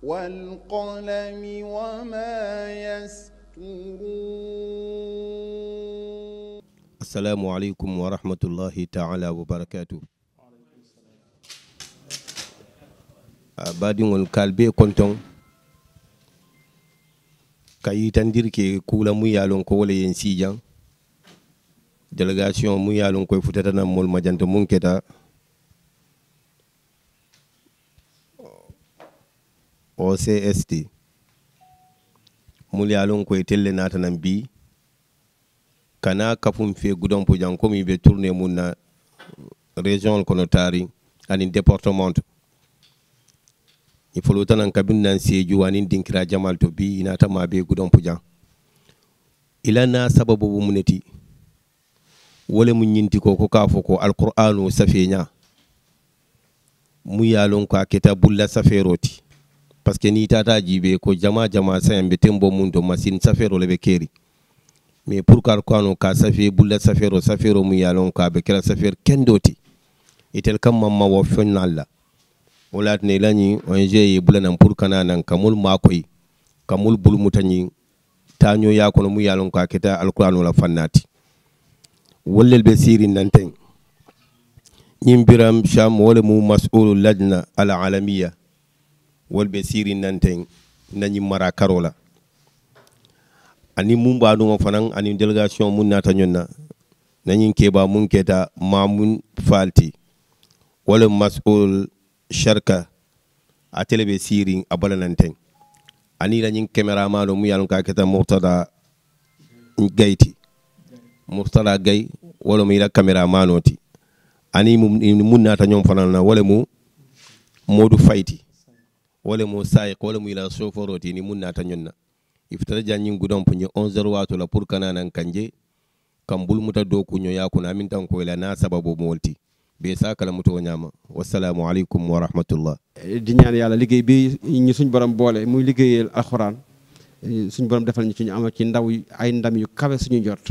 والقلم وما يسطرون asalaamualeykum wa rahmatullahi taala wa barakatuh baadiŋol kalbe kontoŋ ka yitandir ke kula mu ye lon ko wo le yen siijaŋ délégation mu ye lon koye futata naŋ moolu majanto muŋ keta OCSD mulu ye lon koye telle natanan bi kana kafum fe gudon pujan komi be tourné mun na région kono taari anin département i folutanan kabin nan seju anin dinkira jamal to bi inata ma be gudon pujan ila na sababu bu muneti wole mu ñinti ko ko ka fo ko alqur'anu safeña mu ye lon ko a keta bulla safeeroti par ce que ni tataji ɓe ko jama jama sayan ɓe tembo mum to machine safere ole ɓe keeri mais pour kar koano ka safe bulla safere o safere o mum yalon ka ɓe kela safere kendoti itel kam mamma wo fonnalla o latine lañi ong ye bulanan pour kana nan kamol makoy kamol bulmutañi tañoya kono mum yalon ka keta alquran ola fannati wollel ɓe siri nanten ñimbiram cham wole mum masulu lajna al alamiya wolɓe siri nanten nañi mara karola ani mun baɗuma fanan ani délégation mun nata ñonna nañin keɓa mun keta mamun falti wala mas'ul sharka a tele ɓe siri a balananten ani nañin caméramano mu yalon ka keta murtada gayti murtada gay wala mu yila caméramano ti ani mun nata ñon fanan na wala mu modu fayti wole mo sayiq wole mo ila soforoti ni munnata ñonna iftata janñin gudon po ñe 11 heure watula pour kananan kanje kam bul muta do kuño yakuna min tan ko ila na sababu mo wolti be sakala muto ñama wassalamu aleykum wa rahmatullah di ñaan yàlla liggéey bi ñu suñ borom boole mu liggéeyal alxuraan suñu borom defal ñu ci ñu amal ci ndaw ay ndam yu kawe suñu jot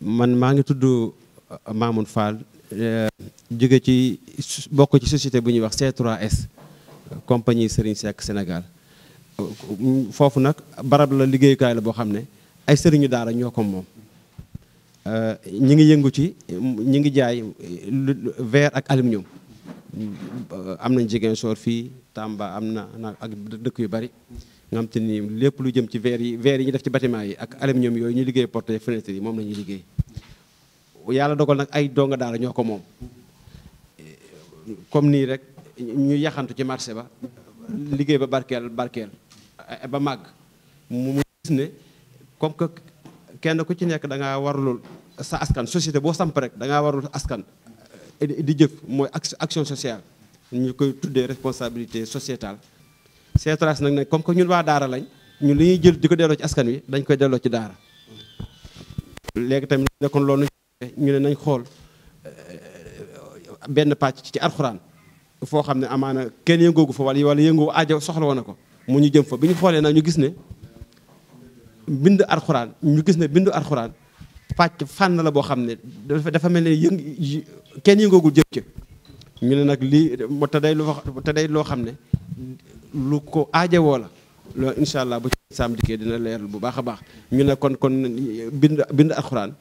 man maa ngi tudd Mamoun Fall eh, ci bokk ci société bu ñuy wax c s compagnie Serigne Seck Sénégal foofu nag barab la liggéeyukaay la boo xam ne ay sëriñu daara ñoo ko moom euh, ñi ngi yëngu ci ñi ngi jaay ver ak aluminium euh, am nañ jigéen soor fii tàmba am na ak dëkk yu bari nga te ni lépp lu jëm ci verre yi verre yi ñu def ci bâtiment yi ak aluminium yooyu ñu liggéey porte fenêtre yi moom la ñuy liggéey yàlla dogal nag ay donga daara ñoo ko moom comme nii rek ñu yaxantu ci marché ba liggéey ba barkeel barkeel eh, ba màgg mu gis ne comme que kenn ku ci nekk da ngaa warlul sa askan société boo samp rek da ngaa warlul askan eh, di jëf mooy action sociale ñu koy tuddee responsabilité sociétale seetras nag ne comme que ñun waa daara lañ ñun li ñuy jël di ko delloo ci askan wi dañ koy delloo ci daara léegi tamit nekkoon loolu ñu ne nañ xool eh, benn pàcc ci alxuraan foo xam ne amaana kenn yëngoogu fa wala wala yëngoo aajo soxla woon na ko mu ñu jëm fa bu ñu xoolee nag ñu gis ne bind arxuraan ñu gis ne bind arxuraan pàcc fànn la boo xam ne dafa mel ne kenn yëngoogul jëm ci ñu ne nag lii te day lu te day loo xam ne lu ko aajowoo la loolu incha allah bu ci saam dikkee dina leeral bu baax a baax ñu ne kon kon bind bind arxuraan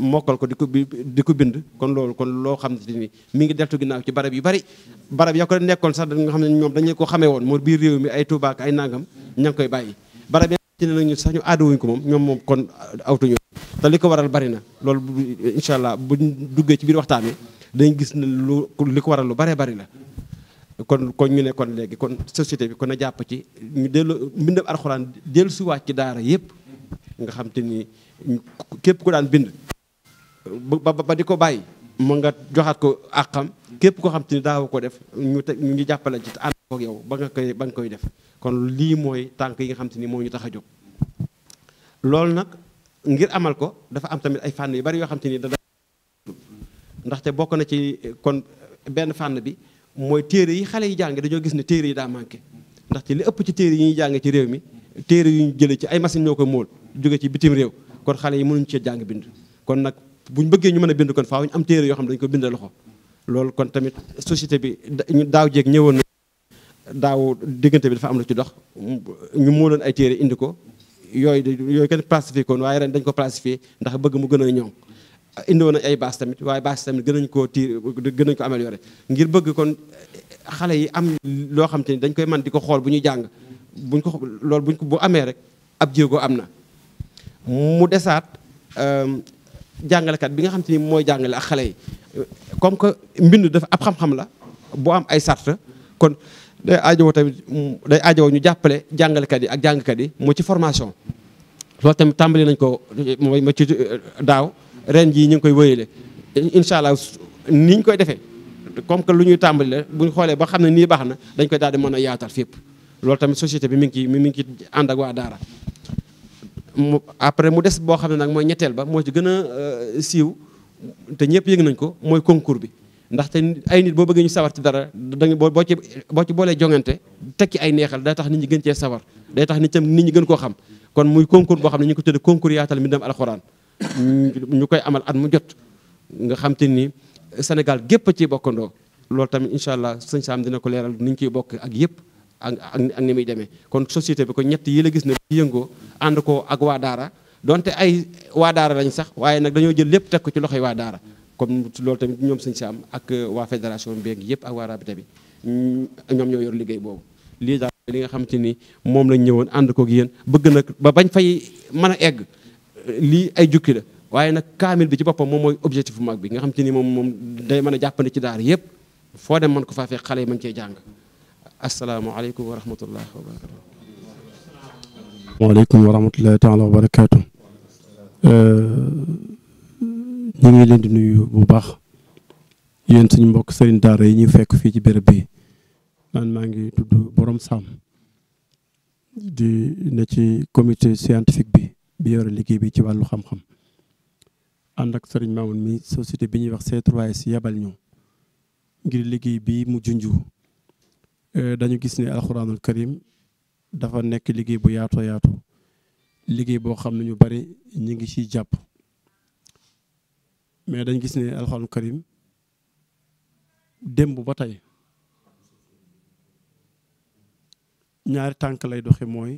mokkal ko di ko di ko bind kon loolu kon loo xam ne ni mi ngi deltu ginaaw ci barab yu bari barab yaa ko nekkoon sax da nga xam ne ñoom dañuy ko xamee woon moo biir réew mi ay Tuubaa ay nangam ña koy bàyyi barab ci ne nag ñu sax ñu aadawuñ ko moom ñoom moom kon awtuñu te li ko waral bari na loolu incha allah buñ duggee ci biir waxtaan wi dañ gis ne lu li ko waral lu baree bari la kon kon ñu ne kon léegi kon société bi kon a jàpp ci ñu dellu mbindam alxuraan dellu si ci daara yëpp nga xam te ni képp ku daan bind ba ba di ko bàyyi mu nga joxaat ko àqam képp koo xam te ni daaw ko def ñu te ñu ngi jàppale ci ànd ko yow ba nga koy ba nga koy def kon lii mooy tànk yi nga xam te ni moo ñu tax a jóg loolu nag ngir amal ko dafa am tamit ay fànn yu bari yoo xam ni da ndaxte bokk na ci kon benn fànn bi mooy téere yi xale yi jàng dañoo gis ne téere yi daa manqué ndaxte li ëpp ci téere yi ñuy jàng ci réew mi téere yu ñu jëlee ci ay machine ñoo ko móol jóge ci bitim réew kon xale yi mënuñu cee jàng bind kon nag buñ bëggee ñu mën a bind kon faaw ñu am téere yoo xam ne dañu ko bind loxo loolu kon tamit société bi daaw jéeg ñëwoon na daaw diggante bi dafa am na ci dox ñu móoloon ay téere indi ko yooyu yooyu kenn plastifié koon waaye ren dañ ko plastifié ndax bëgg mu gën a ñoom indi woon nañ ay bâche tamit waaye bâche tamit gën nañ koo tiir gën nañ ko amélioré ngir bëgg kon xale yi am loo xam te ni dañ koy man di ko xool bu ñuy jàng buñ ko loolu buñ ko bu amee rek ab jéego am na mu desaat euh, jàngalekat bi nga xam te ni mooy jàngale ak xale yi comme que mbind dafa ab xam-xam la boo am ay sart kon day aajowoo tamit day aajowoo ñu jàppale jàngalekat yi ak jàngkat yi mu ci formation. loolu tamit tàmbali nañ ko mooy ma ci euh, daaw ren jii ñu ngi koy wéyale incha allah ni ñu koy defee comme que lu ñuy tàmbali la bu ñu xoolee ba xam ne nii baax na dañ koy daal di mën a yaatal fépp. loolu tamit société bi mi ngi ciy mi ngi ciy ànd ak waa Daara. mu après mu des boo xam ne nag mooy ñetteel ba moo ci gën a euh, siiw te ñëpp yëg nañ ko mooy concours bi ndaxte ay nit boo bëggee ñu sawar ci dara dañu nga boo ci boo ci boolee jongante tekki ay neexal day tax nit ñi gën cee sawar day tax nit tam nit ñi gën koo xam kon muy concours boo xam ne ñu ko tudde concours yaatal mbindum alxuraan ñu koy amal at mu jot nga xam te ni Sénégal gépp ci bokkandoo loolu tamit incha allah sëñ Saam dina ko leeral ni ñu ciy bokk ak yëpp ak ak ni muy demee kon société bi ko ñett yi la gis ne ci yëngoo ànd koo ak waa daara donte ay waa daara lañ sax waaye nag dañoo jël lépp teg ko ci loxoy waa daara kon loolu tamit ñoom sëñ si am ak waa fédération beeg yëpp ak waa rabita bi ñoom ñoo yor liggéey boobu lii daal li nga xamante ni moom lañ ñëwoon ànd ko ak yéen bëgg nag ba bañ fay mën a egg lii ay jukki la waaye nag kaamil bi ci boppam moom mooy objectif bu mag bi nga xam xamante ni moom moom day mën a jàppandi ci daara yëpp foo dem mën ko faa fekk xale yi mën cee jàng asalaamualeykum wa rahmatullah wa barakatu waaleykum wa rahmatullahi taala wa barakaatu euh, ñu ngi leen di nuyu bu baax yéen suñu mbokk sëriñ daara yi ñu fekk fii ci béréb bi man maa ngi tudd boroom Sam di ne ci comité scientifique bi bi yore liggéey bi ci wàllu xam-xam ànd ak sëriñ Mamoun mi société bi ñuy wax seeta 3 s yabal ñu ngir liggéey bi mu junju Euh, dañu gis ne alxuraanul karim dafa nekk liggéey bu yaato yaatu liggéey boo xam ne ñu bari ñu ngi ciy jàpp mais dañ gis ne alxuraanul karim démb ba tey ñaari tànk lay doxe mooy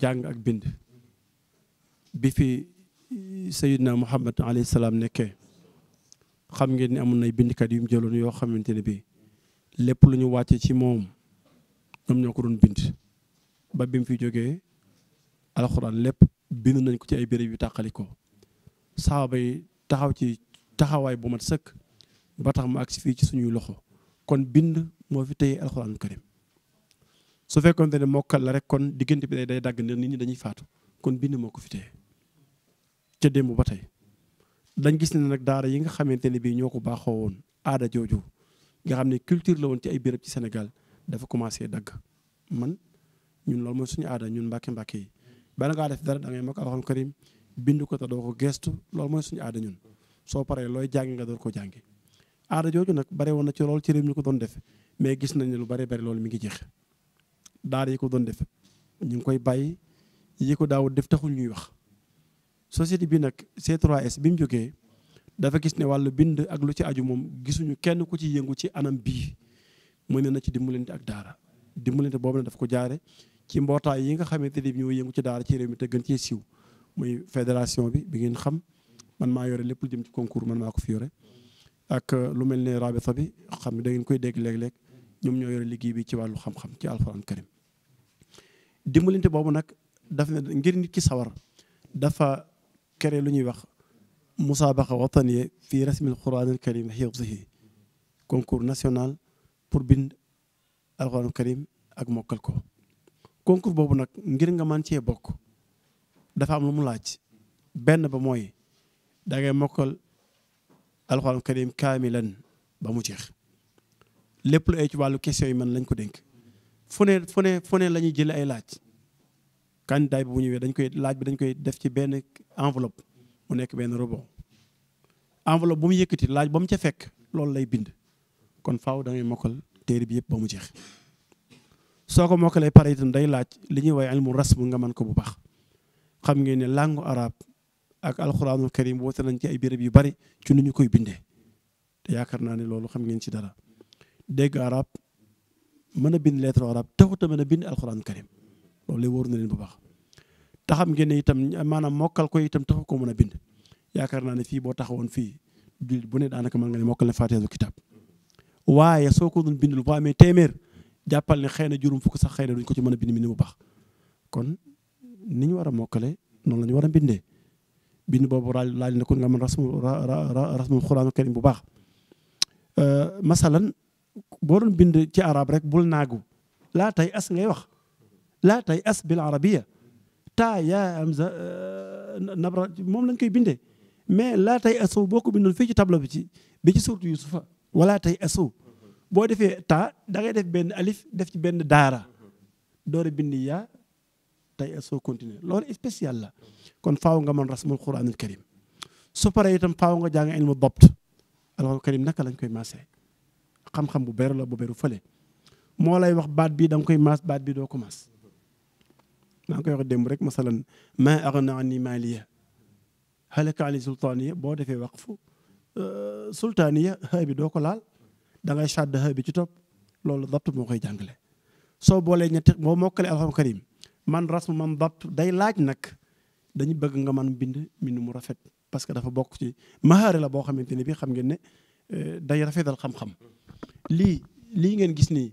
jàng ak bind bi fi sayidna muhammad alayhi salaam nekkee xam ngeen ni amoon nay bindkat yu mu jëloon yoo xamante ne bii lépp lu ñu wàcce ci moom ñoom ñoo ko doon bind ba bi fi jógee alxuraan lépp bind nañ ko ci ay béréb yu tàqali ko saaba yi taxaw ci taxawaay bu mat sëkk ba tax mu agsi fii ci suñuy loxo kon bind moo fi téye alxuraan karim su fekkoon ne mokkal la rek kon diggante bi day dagg nit ñi dañuy faatu kon bind moo ko fi téye ca démb ba tey dañ gis ne nag daara yi nga xamante ne bii ñoo ko baaxoo woon aada jooju nga xam ne culture la woon ci ay béréb ci Sénégal dafa commencé dagg man ñun loolu mooy suñu aada ñun mbàkke mbàkke yi bala ngaa def dara da ngay mokk alxuraan karim bind ko te doo ko gestu loolu mooy suñu aada ñun soo paree looy jàngi nga door ko jàngi aada jooju nag bari woon na ci loolu ci réew ñu ko doon def mais gis nañ ne lu bare bare loolu mi ngi jeex daara yi ko doon defe ñu ngi koy bàyyi yi ko daaw def taxul ñuy wax société bi nag C3S bi mu jógee dafa gis ne wàllu bind ak lu ci aju moom gisuñu kenn ku ci yëngu ci anam bii mu ne na ci dimbalante ak daara dimbalante boobu ne daf ko jaare ci mbootaay yi nga xamante ni ñoo yëngu ci daara ci réew mi te gën cee siiw muy fédération bi bi ngeen xam man maa yore lépp lu jëm ci concours man maa ko fi ak euh, lu mel ne rabita bi xam ne da ngeen koy dégg léeg ñoom ñoo yore liggéey bi ci wàllu xam ci alxuraan karim boobu nag daf ne ngir nit ki sawar dafa kere lu ñuy wax musaabaqa wataniya fi rasmil quraan al karim xifzihi concours national pour bind alquran al ak mokkal ko concours boobu nag ngir nga man cee bokk dafa am lu mu laaj benn ba mooy da ngay mokkal alquran al karim kaamilan ba mu jeex lépp lu ay ci wàllu question yi man lañ ko dénk fu ne fu ne la ñuy jëlee ay laaj candidat bi bu ñëwee dañ koy laaj bi dañ koy def ci benn enveloppe mu nekk benn rebond enveloppe bu mu yëkkati laaj ba mu ca fekk loolu lay bind kon faw da mokkal téere bi yëpp ba mu jeex soo ko mokkalee pare itam day laaj li ñuy woowee ras rasm nga mën ko bu baax xam ngeen ne langue arabe ak alxuraanul karim woote nañ ci ay béréb yu bari ci nu ñu koy bindee te yaakaar naa ne loolu xam ngeen ci dara dégg arab mën a bind lettre arab taxut a mën a bind alxuraanul karim loolu lay wóor leen bu baax te xam ngeen ne itam maanaam mokkal ko itam taxu ko mën a bind yaakaar naa ne fii boo taxawoon fii jullit bu ne daanaka mën nga ne mokkal na faatihatul kitaab waaye soo ko bind lu boo amee téeméer jàppal ne xëy na juróom fukk sax xëy na duñ ko ci mën a bind mi ni mu baax kon ni ñu war a mokkale noon la ñu war a bindee bind boobu laaj laaj na kon nga mën rasmu rasmu xuraanu karim bu baax euh, masalan boo doon bind ci arab rek bul naagu laa tay as ngay wax laa tay as taa yaa am za euh, nabra moom lañ koy bindee mais laa tay asow boo ko bindoon fii ci tableau bi ci bi ci suurtu yusufa wala tay asow boo defee taa da ngay def benn alif def ci benn daara doore bind yaa tay asow continuer loolu spécial la kon faaw nga mën rasmul quranul karim su paree itam faaw nga jàng ilmu dabt alquranul karim naka lañ koy maasee xam-xam bu beru la bu beru fële moo lay wax baat bi da koy maas baat bi doo ko maas maa ngi koy wax démb rek masalan ma aghna anni maliya halaka ani sultaaniya boo defee waqf euh, sultaaniya xaa bi doo ko laal dangay ngay shàdd bi ci topp loolu dabt moo koy jàngale soo boolee ñetti boo mokkale alxam karim man rasm man dabt day laaj nag dañu bëgg nga man bind mbind mu rafet parce que dafa bokk ci mahaare la boo xamante ne bi xam ngeen ne euh, day rafetal xam-xam lii lii ngeen gis nii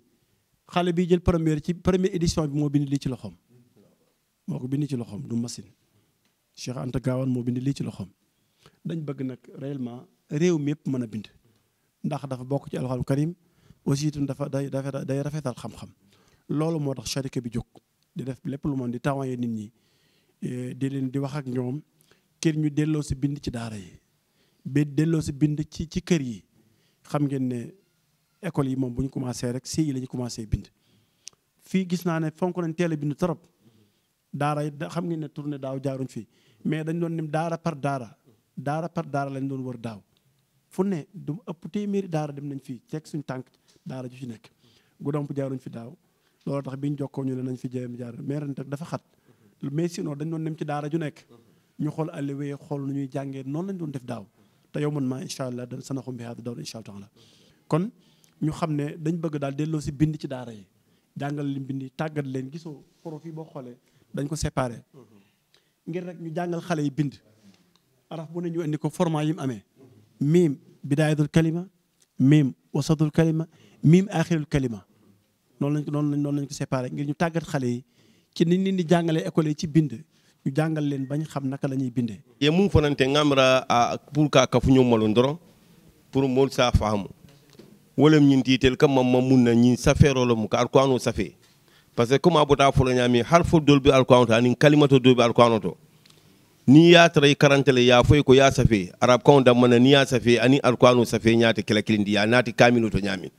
xale bi jël première ci première édition bi moo bind lii ci loxoom moo ko bind ci loxoom du machine Cheikh Anta Gaawaan moo bind lii ci loxoom dañ bëgg nag réellement réew mi yëpp mën a bind ndax dafa bokk ci alxuraan karim aussi itam dafa day day rafetal xam-xam loolu moo tax sharika bi jóg di def lépp lu moon di tawaye nit ñi eh, di leen di wax ak ñoom kër ñu delloo si bind ci daara yi ba delloo si bind ci ci kër yi xam ngeen ne école yi moom bu ñu commencé rek si yi la commencé bind fii gis naa ne fonk nañ teel a bind trop daara yi xam ngeen ne tournée daaw jaaruñ fi mais dañ doon dem daara par daara daara par daara lañ doon wër daaw fu ne du ëpp téeméeri daara dem nañ fii teg suñ tànk daara ju ci nekk gudomp jaaruñ fi daaw loolu tax biñ jokkoo ñu ne nañ fi jéem jaar mais ren dafa xat mais sinon dañ doon dem ci daara ju nekk ñu xool alliwee xool nu ñuy jàngee noonu lañ doon def daaw te yow man maa incha allah da sana xum bi haada dawl incha allah kon ñu xam ne dañ bëgg daal delloo si bind ci daara yi jàngal leen bind yi tàggat leen gisoo foro fii boo xoolee dañ ko séparé ngir rek ñu jàngal xale yi bind araf bu ne ñu indi ko format yi mu amee miim bidaayatul kalima miim wasatul kalima miim aaxirul kalima noonu lañ ko noonu lañ noonu ngir ñu tàggat xale yi ci niñ leen di jàngalee école yi ci bind ñu jàngal leen bañ xam naka la ñuy bindee ye mum fanante ngamra a pour ka kafuño malo ndoro pour mool sa faamu wolem ñin tiitel kam mam ma mun na ñin safeerolo mu ka ar ko ano safee par ce que comme abota fo dolbi alquran to anin kalimato dolbi alquran to ni ya tarai karanta le ya foi ko ya safe arab kan da mana ni ya safe ani alquran safe nyata kila kilindi ya nati kamilu to ñami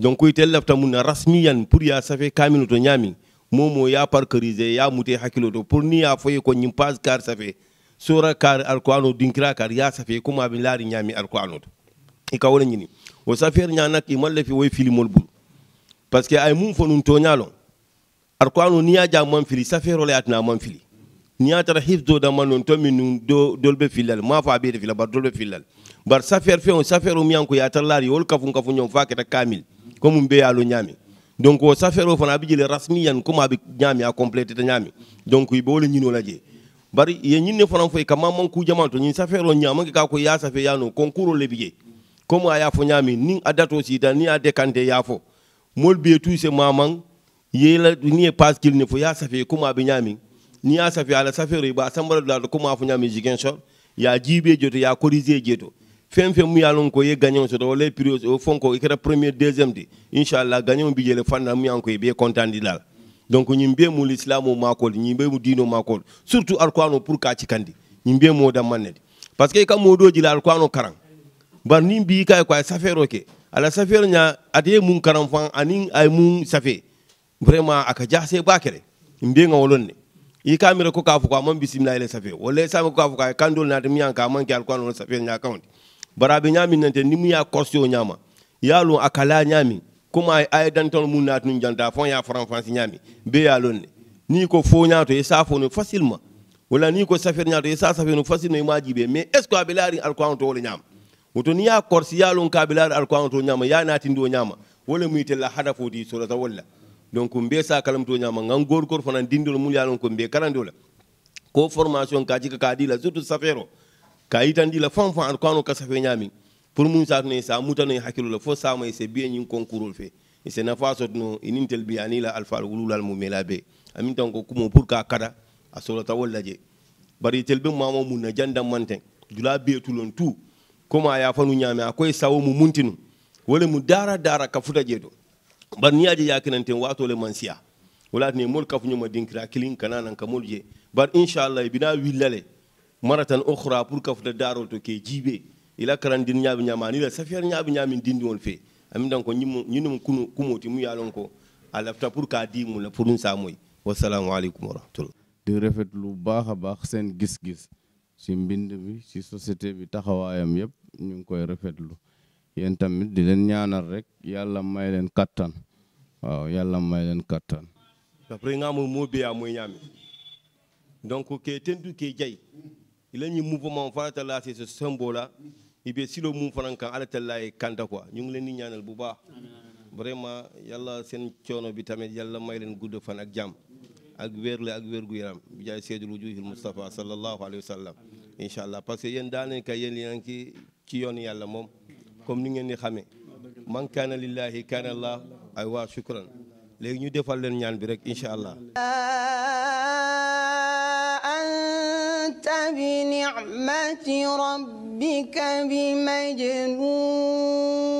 donc kuy tel lafta mun rasmiyan pour ya safe kamilu to ñami momo ya parkerise ya to pour ni ya foi ko ñim pas kar safe sura kar alquran dinkira kar ya safe kuma bin lari ñami alquran to i ka wala ñini o safere ñanaki malle fi way filimol bul parce que ay mum fo nun toñalon alqur'anu ni yaja man a safeerole a man fili ni ya tara hifdoda man noon toon min num dolɓe fillal a ɓeyde filla bar dolɓe fillal bar safeere fewo safeere o miyan ko um yatar laari hol kafum kafu ñom fa keta kamil comme um mbeyalo ñaami donc o safeere o fana aɓe jele rasmiyan comme aɓe ñaami a complété ta ñaami donc yiɓe wole ñinola jee bari ye ñinne fana foy ka maman kujamal to ñin safeere o ñamanke ka ko ya safe yano concours o lebi jee comme a yafo ñaami nin a dato sita ni a décanté yafo mol biye tuuse maman yeela niye page kilni fo ya safe kuma be ñaami ni ya safe ala safeeroy ba sambara dulado kuma fo ñaami jiguinchor ya jiibe jeeto ya corrigé jeeto fen fen mu ya lon ko ye gagnon soto walla période o fonko ikata premier deuxième di inchallah gagnon bi a fanda mu i be contandi dal donc ñim be mu l'islamu makol ñim be mu dino makol surtout alqur'ano pour ka ci kandi ñim be mo da manedi parce que ka modoji la alqur'ano karan bar nim bi kay ko safeero ke ala safeero nya ade mun karan fan anin ay mun safee vraiment aka jase bakere mbiga wolonne i kamira ko kafu ko amon bisimila ile safe wala sama ko kafu ka kandol na dum yanka amon ki alquran wala safe nya kawndi barabe nyami nante nimu ya kosyo nyama yalo akala nyami kuma ay dantal mun na tun janta fon ya fran france nyami be yalonne ni ko fo nyato e safo no facilement wala ni ko safe nyato e sa safe no facilement e majibe mais est ce que abelari alquran to wala nyama woto ni ya korsi yalon kabilari alquran to nyama ya natin do nyama wala muyitella hadafo di surata donc mbe sa kalamto ñama ngan gor gor fana dindol mul yalon ko mbe karandola ko formation ka jika ka di la surtout safero ka yitandi la fam fam arkano ka safe ñami pour mun sa ne sa mutano hakilu la fo sa se bien ñin concours fe e se nafa sot no inintel bi anila alfa wululal mu melabe amin tan ko kumo pour ka kada a solata walla je bari tel be mamo mun na jandam manten dula betulon tout comme a yafanu ñami a koye sawo mu muntinu wala mu dara bari ni aji yakinanten watole mansiya walatini mol kafuñuma dinkira kilin kananan ka mol je bari inchallah bina willale maratan okhra pour kafuta darol to ke jiibe ila karan din ñaaɓe ñamani ila safiyar ñaaɓe ñamin dindiwol fe amin tan ko ñinum kuno kumoti mu yalon ko a lafta pour ka dimum la pour ɗum samoy wassalamu aleykum wa rahmatullah di rafet lu baax a baax seen gis-gis ci mbind bi ci société bi taxawaayam yëpp ñu ngi koy rafetlu yéen tamit di leen ñaanal rek yàlla may leen kattan waaw yàlla may leen kattan. après nga mo mo biya mo nyami donc ke tendu ke jay ilani mouvement farata la c'est ce symbole là ibe silo mum fanan kan ala talla e kanta quoi ñu ngi leen di ñaanal bu baax vraiment yàlla seen coono bi tamit yàlla may leen gudd fan ak jàmm ak wér le ak wér gu yaram bi jaay seydul wujuhil mustafa sallallahu alayhi wa sallam incha allah parce que yéen ci yoon yàlla moom comme ni ngeen di xamee man kaana lillahi kaana allah ay waa shukran léegi ñu defal leen ñaan bi rek incha allah anta bi ni'mati rabbika bi majnun